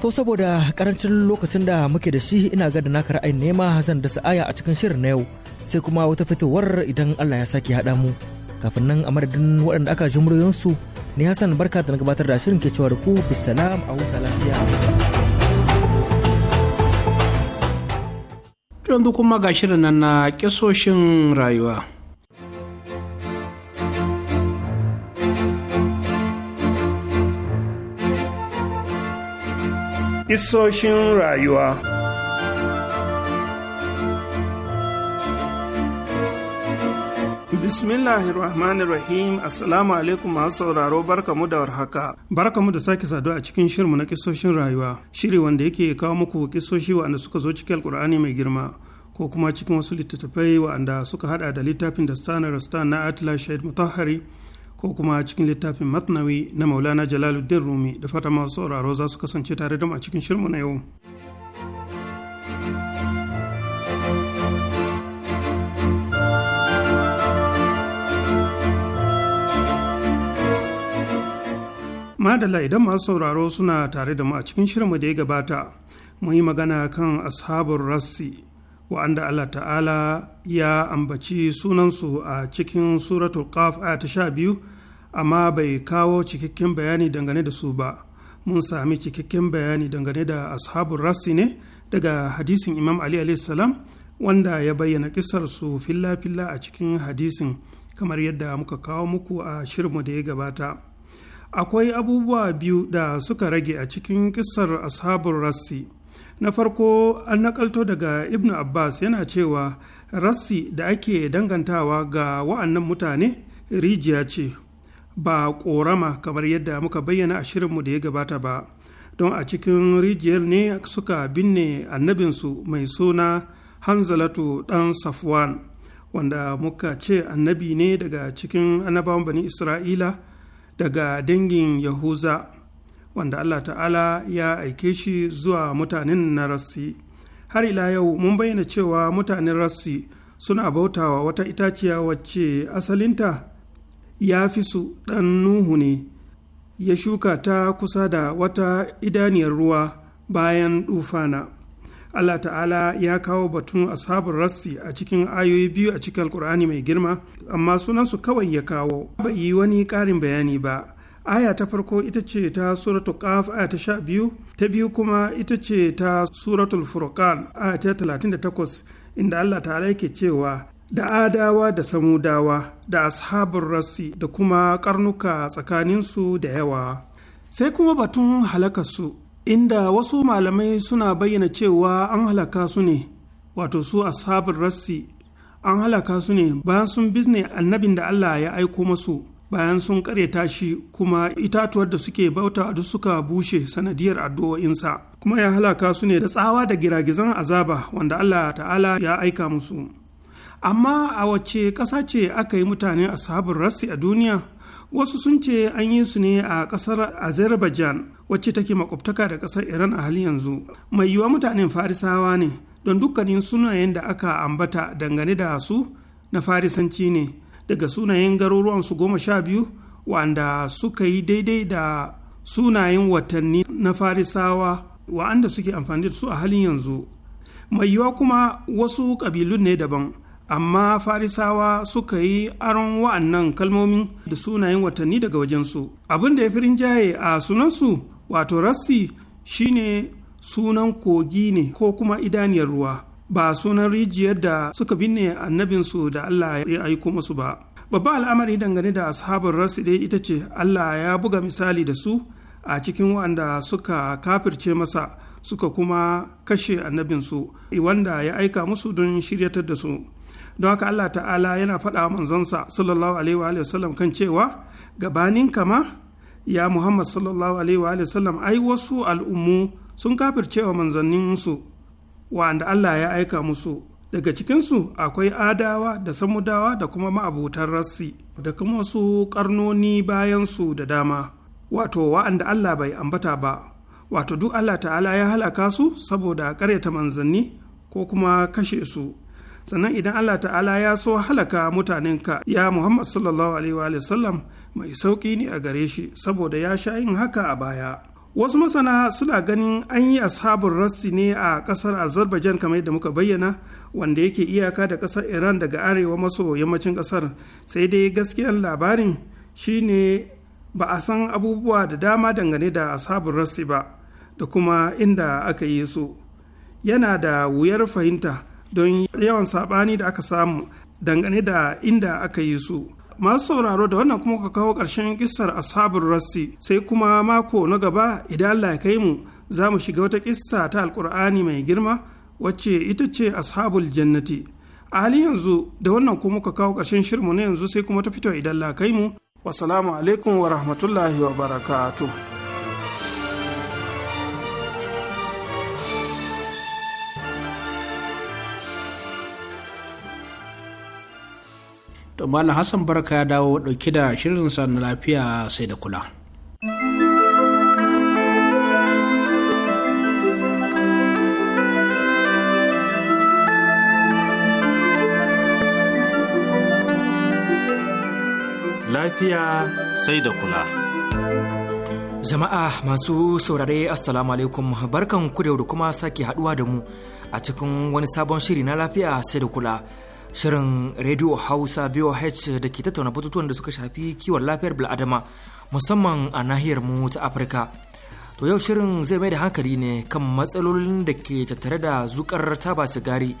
To saboda karancin lokacin da muke da shi ina ga da naka ra'ayin nema zan dasa aya a cikin shirin na yau sai kuma wata fitowar idan Allah ya sake haɗa mu. Kafin nan a madadin waɗanda aka ji muryoyinsu ne Hassan barka da na gabatar da shirin ke cewa da ku bisalam a huta lafiya. yanzu kuma ga shirin nan na kisoshin rayuwa. Kisoshin rayuwa Bismillahirrahmanirrahim Assalamu alaikum masu sauraro barkamu da warhaka. mu da sake saduwa a cikin shirmu na kisoshin rayuwa, shiri wanda yake kawo muku kisoshi wanda suka zo cikin Alkur'ani mai girma. ko kuma cikin wasu littattafai wa'anda suka hada da littafin da stanar rastan na Atla shahid mutahari ko kuma cikin littafin matnawi na maulana jalaluddin rumi da fata masu sauraro za su kasance tare da mu a cikin shirmu na yau. madala idan masu sauraro suna tare da mu a cikin shirinmu da ya gabata mun yi magana kan ashabun rassi wa'anda Allah ta'ala ya ambaci sunansu a cikin suratul qaf aya ta sha biyu amma bai kawo cikakken bayani dangane da su ba mun sami cikakken bayani dangane da ashabun rassi ne daga hadisin imam ali salam wanda ya bayyana kisarsu fila-fila a cikin hadisin kamar yadda muka kawo muku a shirinmu da ya gabata akwai abubuwa biyu da suka rage a cikin kisar ashabun rassi na farko an nakalto daga ibnu abbas yana cewa rassi da ake dangantawa ga wa'annan mutane rijiya ce ba ƙorama kamar yadda muka bayyana a shirinmu da ya gabata ba don a cikin rijiyar ne suka binne annabinsu mai suna hanzalatu Dan safwan wanda muka ce annabi ne daga cikin annabawan bani isra'ila daga dangin yahuza wanda allah ta'ala ya aike shi zuwa mutanen na rassi har ila yau mun bayyana cewa mutanen rassi suna bautawa wata itaciya wacce asalinta ya fi su ɗan nuhu ne ya shuka ta kusa da wata idaniyar ruwa bayan dufana Allah ta'ala ya kawo batun ashabin rassi a cikin ayoyi biyu a cikin alkur'ani mai girma amma sunansu kawai ya kawo bai yi wani ƙarin bayani ba aya ta farko ita ce ta suratul qaf aya ta sha biyu ta biyu kuma ita ce ta suratul furqan aya ta talatin da takwas inda Allah ta'ala yake cewa da adawa da samudawa da ashabin rassi da kuma karnuka tsakaninsu da yawa sai kuma batun halakarsu inda wasu malamai suna bayyana cewa an halaka su ne wato su ashabin rassi an halaka su ne bayan sun bizne annabin da Allah ya aiko masu bayan sun karyata shi kuma itatuwar da suke bauta duk suka bushe sanadiyar addu'o'insa kuma ya halaka su ne da tsawa da giragizan azaba wanda Allah ta'ala ya aika musu amma a wace ƙasa ce aka yi mutanen ashabin rassi a duniya wasu sun ce an yi su ne a kasar azerbaijan wacce take makwabtaka da ƙasar iran a hali yanzu mai yiwuwa mutanen farisawa ne don dukkanin sunayen da aka ambata dangane da su na farisanci ne daga sunayen garuruwan su goma sha biyu wanda suka yi daidai da sunayen watanni na farisawa wa'anda suke amfani da su a halin yanzu mai yiwuwa kuma wasu ƙabilun ne daban amma farisawa suka yi aron wa'annan kalmomin da sunayen watanni daga wajensu abin da ya fi rinjaye a sunansu wato rassi shine sunan kogi ne ko kuma idaniyar ruwa ba sunan rijiyar da suka binne annabinsu da allah ya aiko musu ba babban al'amari dangane da ashabar rassi dai ita ce allah ya buga misali da su a cikin wa'anda suka kafirce masa suka kuma kashe annabinsu wanda ya aika musu don shiryatar da su don haka Allah ta'ala yana faɗa manzonsa sallallahu alaihi wa sallam kan cewa gabanin kama ya Muhammad sallallahu alaihi wa sallam ai wasu al'ummu sun manzannin manzanninsu wa'anda Allah ya aika musu daga cikinsu akwai adawa da samudawa da kuma ma'abutan rassi da kuma wasu karnoni bayansu da dama wato wa'anda Allah bai ambata ba wato duk Allah ta'ala ya halaka su saboda karyata manzanni ko kuma kashe su sannan idan Allah ta'ala ya so halaka mutanenka ya Muhammad sallallahu alaihi wa sallam mai sauƙi ne a gare shi saboda ya sha yin haka a baya wasu masana suna ganin an yi ashabun rassi ne a kasar azerbaijan kamar yadda muka bayyana wanda yake iyaka da kasar iran daga arewa maso yammacin kasar sai dai gaskiyar labarin shine ba a san abubuwa da dama dangane da ashabun rassi ba da kuma inda aka yi su yana da wuyar fahimta don yawan saɓani da aka samu dangane da inda aka yi su masu sauraro da wannan kuma ka kawo ƙarshen kissar ashabul rassi sai kuma mako na gaba idan Allah ya kai mu za mu shiga wata kissa ta alkur'ani mai girma wacce ita ce ashabul jannati a halin yanzu da wannan kuma ka kawo ƙarshen shirmu na yanzu sai kuma ta fito idan Allah kai mu wasalamu alaikum wa rahmatullahi wa barakatuh malam hassan barka ya dawo dauke da shirinsa na lafiya sai da kula lafiya sai da kula jama'a masu saurare assalamu alaikum barkan ku kuma sake haduwa da mu a cikin wani sabon shiri na lafiya sai da kula Shirin Radio Hausa boh da ke tattauna batutuwan da suka shafi kiwon lafiyar bil'adama musamman a nahiyar mu ta Afirka. To yau shirin zai mai da hankali ne kan matsalolin da ke tattare da zukar taba sigari.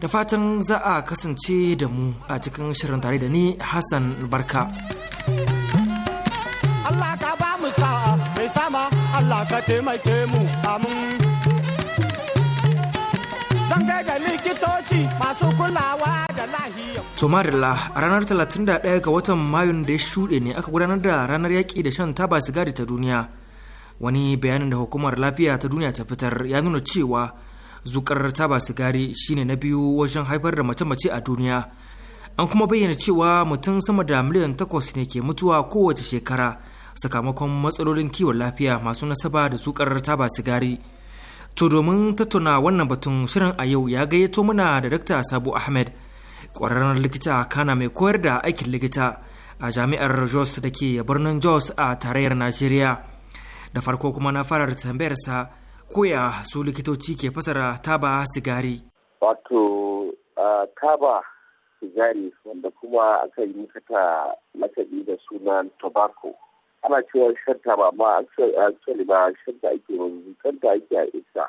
Da fatan za a kasance da mu a cikin shirin tare da ni Hassan Barka. Allah ka ba mu sa'a mai sama Allah ka taimake mu amin. tare da likitoci masu da lahiya. ranar 31 ga watan Mayun da ya shuɗe ne aka gudanar da ranar yaƙi da shan taba sigari ta duniya. Wani bayanin da hukumar lafiya ta duniya ta fitar ya nuna cewa zukar taba sigari shine na biyu wajen haifar da mace-mace a duniya. An kuma bayyana cewa mutum sama da miliyan takwas ne ke mutuwa kowace shekara sakamakon matsalolin kiwon lafiya masu nasaba da zukar taba sigari. To domin tattauna wannan batun shirin a yau ya gayyato mana da Dr. sabu Ahmed, ƙwararren likita kana mai koyar da aikin likita a jami'ar Jos da ke birnin Jos a tarayyar Najeriya. Da farko kuma na fara da tambayarsa koya su likitoci ke fasara taba sigari. Wato taba sigari wanda kuma aka yi mata da sunan tobacco ana cewa shanta ba ma actually ba shanta ake wanzu shanta ake a isa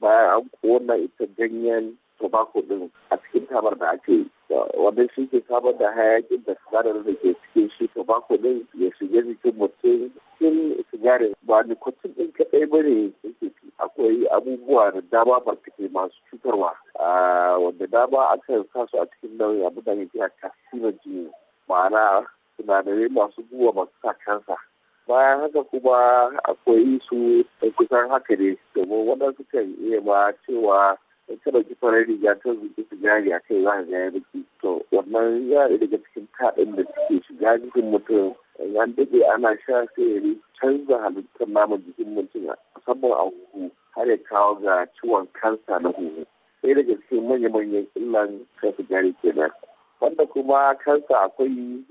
bayan an kona ita ganyen tobacco din a cikin tabar da ake wanda shi ke samar da hayakin da sinadarin da ke cikin shi tobacco din ya shige jikin mutum cikin sigarin ba nikotin din kaɗai ba ne fi akwai abubuwa da dama barkatai masu cutarwa wanda dama akan sa su a cikin nauyi abu da ya fi a ma'ana sinadarai masu guba masu sa kansa bayan haka kuma akwai su da kusan haka ne domin waɗansu kan iya ba cewa in ka ɗauki farar riga ta zuƙi sigari a kai za ka ga ya to wannan ya daga cikin taɗin da suke shiga jikin mutum an daɗe ana sha sai ya canza halittar naman jikin mutum musamman a huhu har ya kawo ga ciwon kansa na huhu sai daga cikin manya-manyan illan kan sigari kenan wanda kuma kansa akwai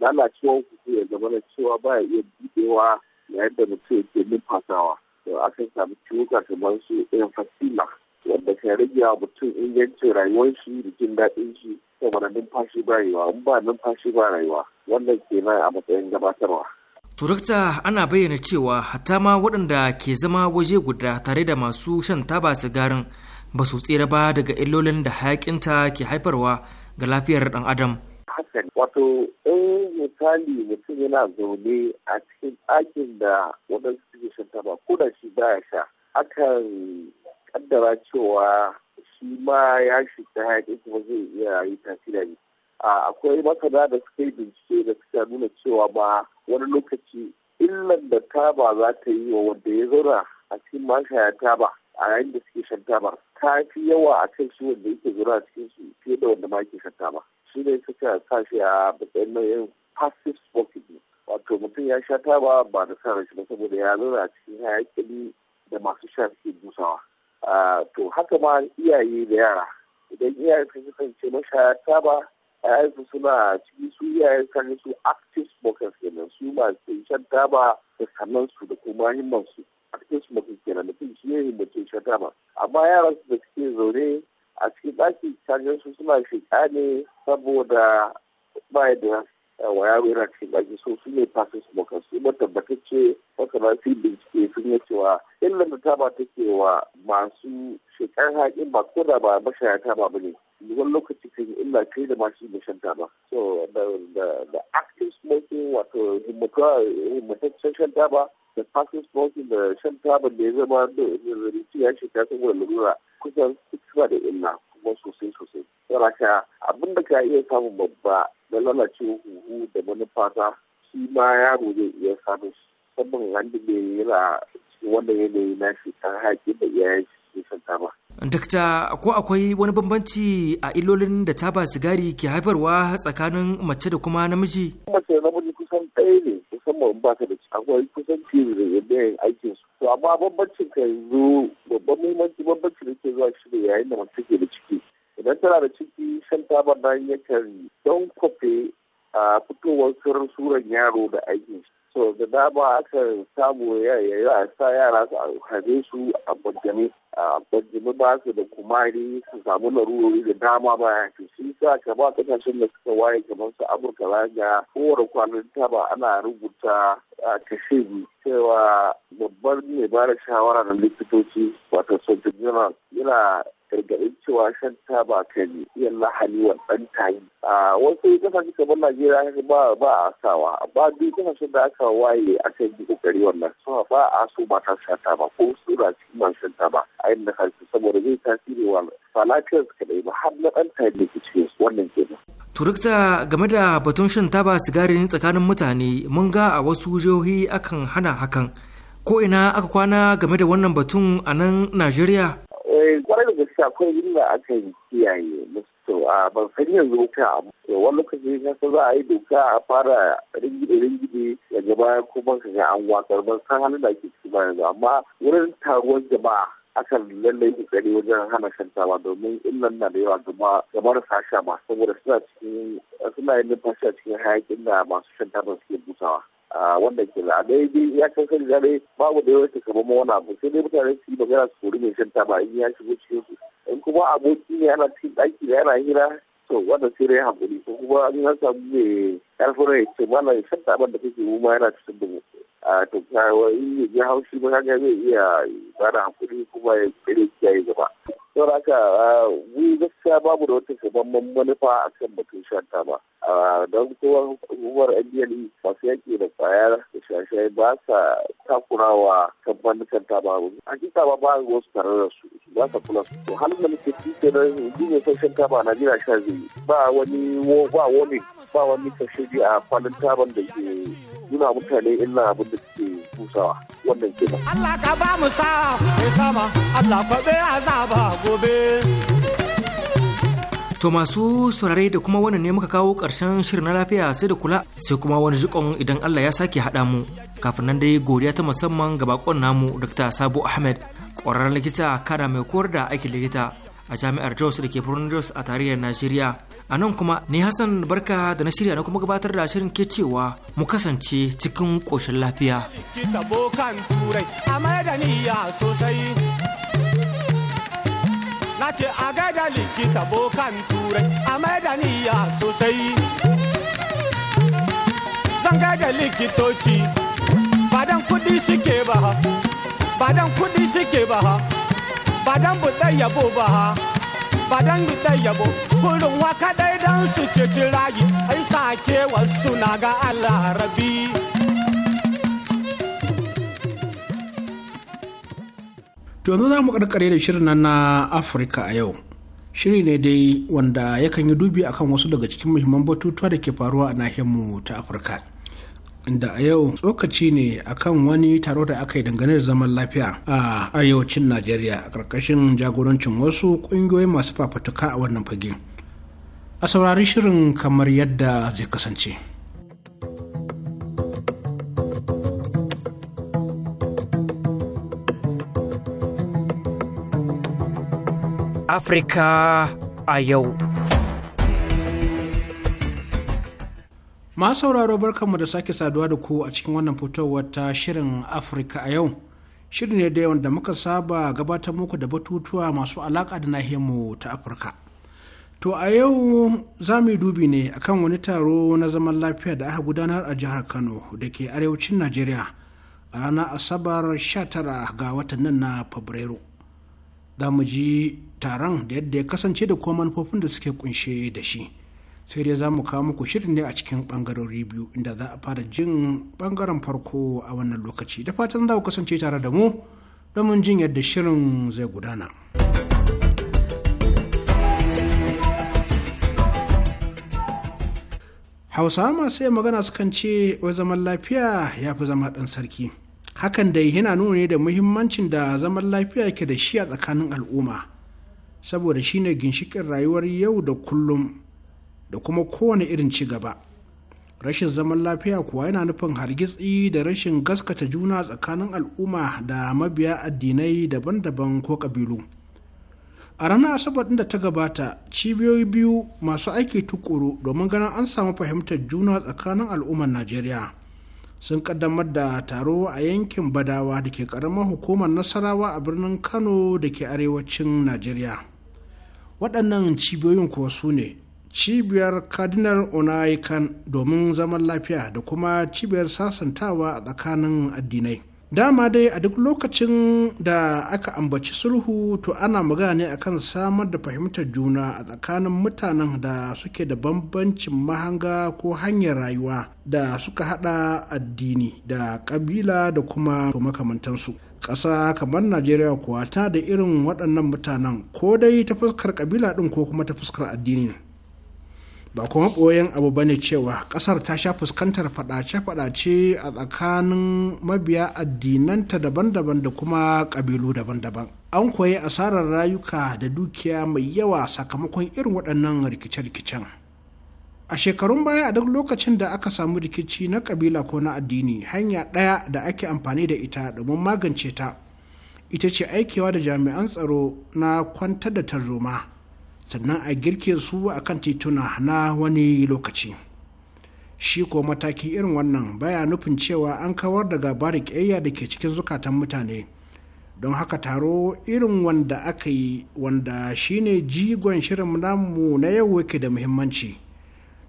lalacewar hukuku ya zama na cewa ba ya iya budewa na yadda mutum yake numfasawa to akan samu ciwuka kamar su emphysema wanda kan rage wa mutum ingancin rayuwar shi da jin daɗin shi saboda numfashi ba rayuwa in ba numfashi ba rayuwa wannan na a matsayin gabatarwa. turakta ana bayyana cewa hatta ma waɗanda ke zama waje guda tare da masu shan taba sigarin ba su tsira ba daga illolin da hayakinta ke haifarwa ga lafiyar ɗan adam hassan wato in misali mutum yana zaune a cikin ɗakin da waɗansu suke shan taba ko da shi baya sha akan kaddara cewa shi ma ya shiga hayaƙi kuma zai iya yi tasiri akwai masana da suka yi bincike da suka nuna cewa ba wani lokaci illan da taba za ta yi wa wanda ya zauna a cikin mashaya taba a yayin da suke shan taba ta fi yawa a kan shi wanda yake zauna a cikin su fiye da wanda ma yake shan taba. shi ne suka sa shi a matsayin nau'in passive smoking wato mutum ya sha taba ba da sa shi ba saboda ya zauna cikin hayaƙin da masu sha suke busawa to haka ma iyaye da yara idan iyaye sun kasance mashaya taba yayansu suna ciki su iyayen yi su active smokers kenan su masu shan taba da sannan su da kuma himmansu active smokers kenan mutum shi ne mutum shan taba amma yaran su da suke zaune a cikin ɗaki kaga su suna shiga ne saboda ba da eh, wa yaro yana cikin ɗaki so su ne fasa su maka su ba tabbatacce na fi bincike sun yi cewa illa da taba take wa masu shekar haƙin ba ko da ba mashaya taba ba ne wani lokaci kan yi illa kai da masu da shan ba so da active smoking wato himmataccen shan ba da fasa smoking da shan ba da ya zama da ya shekara saboda lura kusan suna da illa kuma sosai sosai. Saraka abin da ka iya samun babba da lalace huhu da manufa ta shi ma yaro zai iya samun shi. Saboda wanda bai yana cikin ya yanayi na shi kan haƙi da iyayen shi sun ba. Dakta ko akwai wani bambanci a ilolin da taba sigari ke haifarwa tsakanin mace da kuma namiji? musamman ba ka da akwai kusan fiye da yanayin aikin su to amma bambancin ka yanzu babban muhimmanci bambancin da ke zuwa shi ne yayin da mace ke da ciki idan tana da ciki shan tabar nan yakan don kwafe a ah, fitowar sirrin suran yaro da aikin shi so da dama aka samu ya sa yara su haife su a bajjani a bajjani ba su da kumari su samu larurori da dama ba ya to shi sa kama kasashen da suka waye kamar su amurka ga kowar kwanan taba ana rubuta a kashe cewa babban mai ba da shawara na likitoci wata surgeon yana gargaɗin cewa shan taba kan iya lahani wa ɗan tayi. A wasu kasashe kamar Najeriya ba ba a sawa ba duk kasashen da aka waye aka yi kokari wannan so ba a so ta sha taba ko su da cikin masu shan taba a da kansu saboda zai tasiri wa ba su kaɗai ba har na ɗan tayi ne ke su wannan Turukta game da batun shan taba sigari tsakanin mutane mun ga a wasu jihohi akan hana hakan. ko ina aka kwana game da wannan batun a nan Najeriya? Eh, kwarai da gaske akwai inda aka yi kiyaye musu a ban san yanzu ka to wani lokaci ka san za a yi doka a fara ringide ringide da baya kuma ka ga an watsar ban san hannun da ake ciki ba yanzu amma wurin taruwar jama'a akan lallai kokari wajen hana shantawa domin illan na da yawa gama marasa sasha masu saboda suna cikin suna yin numfashi a cikin hayakin da masu shan suke busawa. wanda ke na dai ya kan sani dare babu da yawanci kamar ma wani abu sai dai mutane su yi magana su kori mai shan ba in ya shigo cikin su in kuma aboki ne ana cikin ɗaki da yana hira to wanda sai dai hakuri ko kuma an yi nasa mai ƙarfin rai ce ba ya shan taba da kake mu ma yana cikin dubu a to kawai in ya haushi ba kaga zai iya ba da hakuri kuma ya kare kiyaye gaba. don haka mu gaskiya babu da wata shabamman manufa a kan batun shan taba don kowar hukumar ndl e masu yaki da kwayar da shashai ba sa takurawa kamfanin ba a hakika ba ba wasu tare da su ba sa kula su to halin da muke cike na jini son shan taba na najeriya sha zai ba wani ba wani ba wani kashe a kwanan taban da ke nuna mutane illa abin da suke busawa wannan ke Allah ka ba mu sa mai sama Allah azaba gobe To masu saurare da kuma wannan ne muka kawo ƙarshen shirin na lafiya sai da kula sai kuma wani jikon idan Allah ya sake haɗa mu. Kafin nan dai godiya ta musamman ga bakon namu Dr. Sabo Ahmed, ƙwararren likita kana mai koyar da aikin likita a jami'ar Jos da ke Jos a tarihin Najeriya. a nan kuma ni hassan barka da na shirya na kuma gabatar da shirin ke cewa mu kasance cikin ƙoshin lafiya Nace a gaida likita bokan turai a maidaniya sosai zan gaida likitoci badan kudi suke ba badan kudi suke ba badan buɗe yabo ba ba dan da yabo kurin waka da dan su ce ragi ai sake wasu na ga Allah rabi To yanzu za mu karkare da shirin nan na Afirka a yau. Shiri ne dai wanda yakan yi dubi akan wasu daga cikin muhimman batutuwa da ke faruwa a nahiyar mu ta Afirka. da a yau tsokaci ne akan wani taro da aka yi dangane da zaman lafiya a arewacin najeriya a ƙarƙashin jagorancin wasu ƙungiyoyi masu fafatuka a wannan fage a saurari shirin kamar yadda zai kasance afrika a yau masu sauraro barkanmu da sake saduwa da ku a cikin wannan fitowar ta shirin Afirka a yau. Shirin ne da yawan da muka saba gabatar muku da batutuwa masu alaka da nahiyarmu ta Afirka. To a yau za mu yi dubi ne akan wani taro na zaman lafiya da aka gudanar a jihar Kano da ke arewacin Najeriya a ranar Asabar 19 ga watan nan na Fabrairu. Za mu ji taron da yadda ya kasance da kuma manufofin da suke kunshe da shi. sai dai za mu kawo muku shirin ne a cikin bangarori biyu inda za a fara jin bangaren farko a wannan lokaci da fatan za ku kasance tare da mu domin jin yadda shirin zai gudana. hausawa masu yin magana sukan ce wai zaman lafiya ya fi zama ɗan sarki hakan dai yana nuna ne da muhimmancin da zaman lafiya ke da shi a tsakanin al'umma saboda shine ginshikin rayuwar yau da kullum da kuma kowane irin ci gaba rashin zaman lafiya kuwa yana nufin hargitsi da rashin gaskata juna tsakanin al'umma da mabiya addinai daban-daban ko ƙabilu a ranar asabar da ta gabata cibiyoyi biyu masu aiki tukuru domin ganin an samu fahimtar juna tsakanin al'ummar najeriya sun kaddamar da taro a yankin badawa da ke karamar hukumar nasarawa a birnin kano da ke arewacin najeriya waɗannan cibiyoyin kuwa su ne cibiyar cardinal onaikan domin zaman lafiya da kuma cibiyar sasantawa a tsakanin addinai dama dai a duk lokacin da aka ambaci sulhu to ana magana ne akan samar da fahimtar juna a tsakanin mutanen da suke da bambancin mahanga ko hanyar rayuwa da suka hada addini da kabila da kuma makamantansu ƙasa kamar najeriya kuwa ta da irin waɗannan mutanen ko dai ta fuskar kabila ɗin ko kuma ta fuskar addini ba kuma ɓoyen abu bane cewa ƙasar ta sha fuskantar faɗace-faɗace a tsakanin mabiya addinanta daban-daban da kuma ƙabilu daban-daban an koyi asarar rayuka da dukiya mai yawa sakamakon irin waɗannan rikice-rikicen a shekarun baya a duk lokacin da aka samu rikici na ƙabila ko na addini hanya ɗaya da ake amfani da ita domin magance ta ita ce aikewa da jami'an tsaro na kwantar da tarzoma sannan a girke su a kan tituna na wani lokaci shi ko mataki irin wannan baya nufin cewa an kawar da gabarin ƙiyayya da ke cikin zukatan mutane don haka taro irin wanda aka yi wanda shine jigon shirin namu na yau yake da muhimmanci.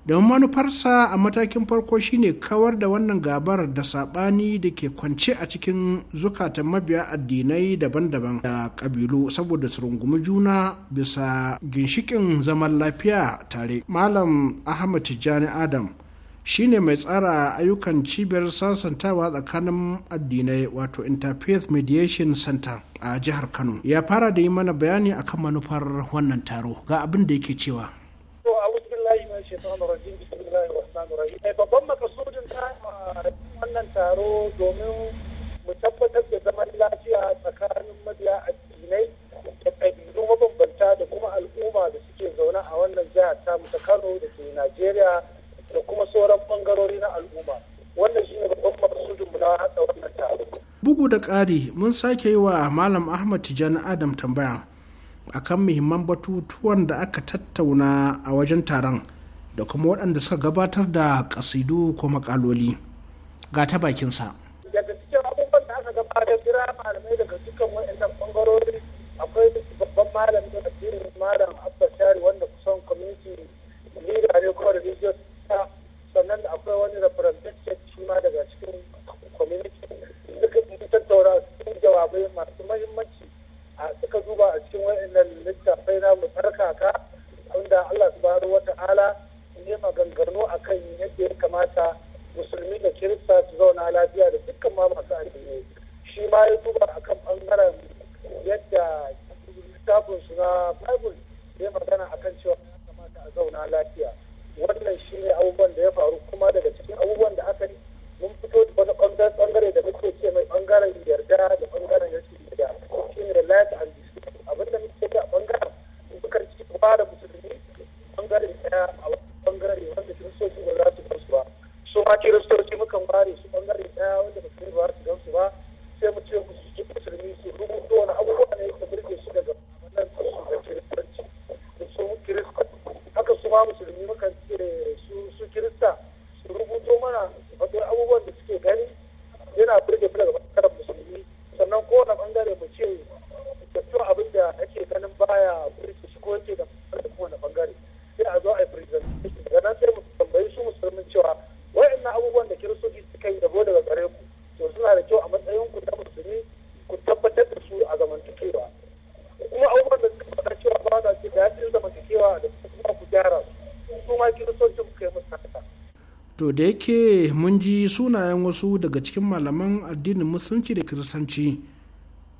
don manufarsa a matakin farko shine kawar da wannan gabar da saɓani da ke kwance a cikin zukatan mabiya addinai daban-daban da kabilu saboda su rungumi juna bisa ginshikin zaman lafiya tare malam ahmad tijjani adam shine mai tsara ayyukan cibiyar sasantawa tsakanin addinai wato interfaith mediation center a jihar kano ya fara da yi mana bayani akan manufar wannan taro ga abin da yake cewa shaitan rajim bismillahir rahmanir rahim babban makasudin ta wannan taro domin mu tabbatar da zaman lafiya tsakanin mabiya addinai da ɗabi'u mabambanta da kuma al'umma da suke zaune a wannan jihar ta ta Kano da ke Najeriya da kuma sauran bangarori na al'umma. Wannan shine babban maksudin mu na haɗa wannan taro. Bugu da ƙari mun sake yi wa Malam Ahmad Tijjani Adam tambaya akan muhimman batutuwan da aka tattauna a wajen taron da kuma waɗanda suka gabatar da ƙasidu ko makaloli ga ta bakinsa to da yake mun ji sunayen wasu daga cikin malaman addinin musulunci da kiristanci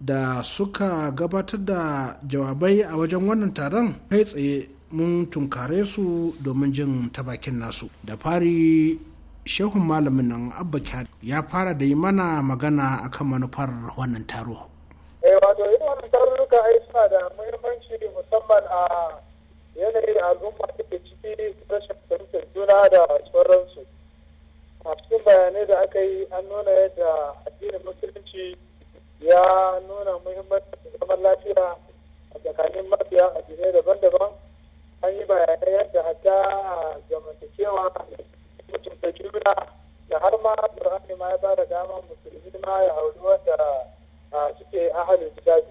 da suka gabatar da jawabai a wajen wannan taron kai tsaye mun tunkare su domin jin ta nasu da fari shehun malamin nan abba ya fara da yi mana magana akan manufar wannan taro eh wato yin wannan tarurruka ai suna da muhimmanci musamman a yanayin al'umma da ke ciki rashin fahimtar juna da sauransu a bayanai da aka yi an nuna yadda addinin musulunci ya nuna muhimmancin zaman lafiya a tsakanin mafiya addinai daban-daban an yi bayanai yadda hatta a zamantakewa mutunta juna da har ma burhani ma ya ba da dama musulmi ma ya auri wanda suke ahalin kitabi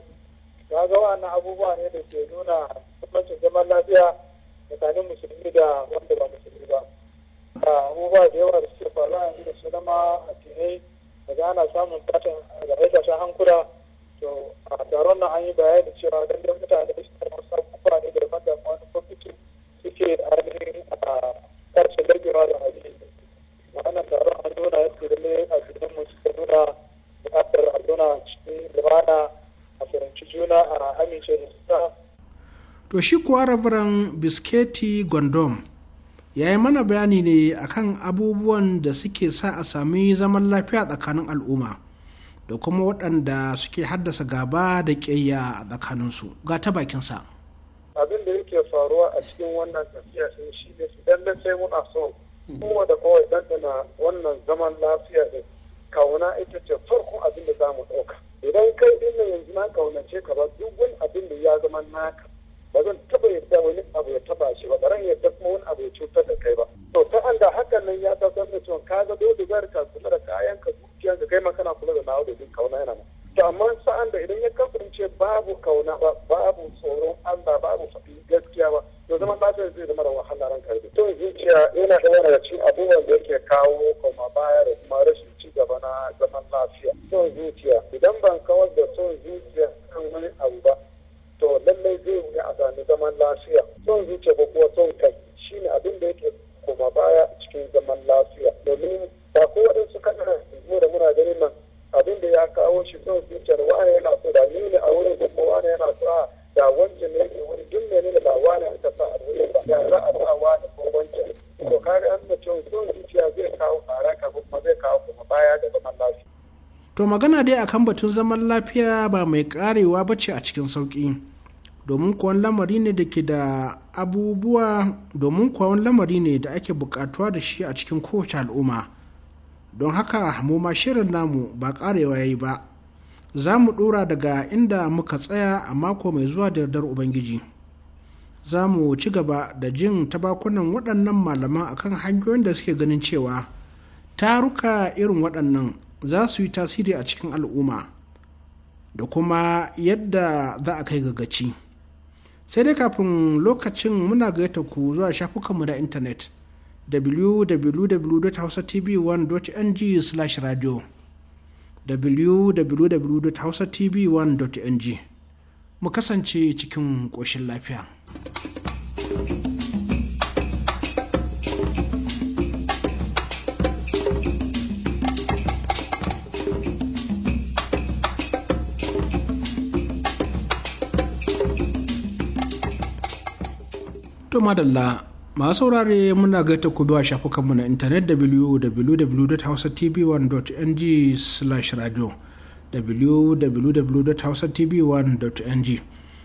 ga ga wannan abubuwa ne da ke nuna muhimmancin zaman lafiya tsakanin musulmi da wanda ba musulmi abubuwa da yawa da suke faruwa yanzu da su zama addinai daga ana samun tashin ta hankula to a taron nan an yi bayani cewa don lallai mutane suke karɓi sabuwa ne da wanda wani kwamfuti suke ainihin a karshen lagewa da hali wannan taron an nuna ya yadda a addinin mu suka nuna buƙatar a nuna cikin lumana a fahimci juna a amince da su to shi kuwa rabaran bisketi gondom ya yi mana bayani ne akan abubuwan da suke sa a sami zaman lafiya tsakanin al'umma da kuma waɗanda suke haddasa gaba da ƙiyayya a tsakaninsu ga ta bakinsa abin da yake faruwa a cikin wannan tafiya sun shi ne su da sai muna so kowa da kowai ɗanɗana wannan zaman lafiya da kauna ita ce farkon abin da za mu ɗauka idan kai ɗin yanzu na kaunace ka ba duk wani abin da ya zama naka ba zan taba yadda wani abu ya taba shi ba ran yadda kuma wani abu ya cutar da kai ba to ta anda hakan nan ya tasar da cewa ka ga dole zai ka kula da kayan ka dukiyan ka kai ma kana kula da nawa da bin kauna yana ma to amma sa'an da idan ya kasance babu kauna ba babu tsoron Allah babu faɗi gaskiya ba to zama lafiyar zai zama da wahala ran karbi to zuciya yana da yana da cin abubuwan da yake kawo koma baya da kuma rashin ci gaba na zaman lafiya son zuciya idan ban kawar da son zuciya kan wani abu ba to lallai zai wuya a sami zaman lafiya son zuciya ko kuwa son kai shine abin da yake koma baya cikin zaman lafiya domin ba ko waɗansu kaɗan mu da muna ganin nan abin da ya kawo shi son zuciyar wani yana so da ni ne a wurin kuma wani yana so da wancan ne ke wani duk ne ne ba wani aka sa a wurin ba ya za a sa wani ko wancan to kare an da cewa son zuciya zai kawo haraka kuma zai kawo kuma baya da zaman lafiya. to magana dai akan batun zaman lafiya ba mai karewa ba ce a cikin sauƙi. domin kuwan lamari ne da ke da abubuwa domin kuwan lamari ne da ake bukatuwa da shi a cikin kowace al'umma don haka mu ma shirin namu ba karewa ya yi ba za mu dora daga inda muka tsaya a mako mai zuwa da yardar ubangiji za mu ci gaba da jin tabakunan waɗannan malaman akan hanyoyin da suke ganin cewa taruka irin waɗannan za su yi tasiri a cikin al'umma da kuma yadda za a kai ga sai dai kafin lokacin muna gaita ku zuwa shafukanmu na intanet www.hausatv1.ng/radio www.hausatv1.ng mu kasance cikin ƙoshin lafiya. To madalla masu saurare muna gaita ku zuwa shafukanmu na intanet www.hausatv1.ng slash radio www.hausatv1.ng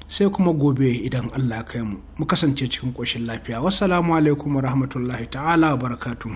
sai kuma gobe idan Allah kai mu mu kasance cikin ƙoshin lafiya wassalamu alaikum wa rahmatullahi ta'ala wa barakatuhu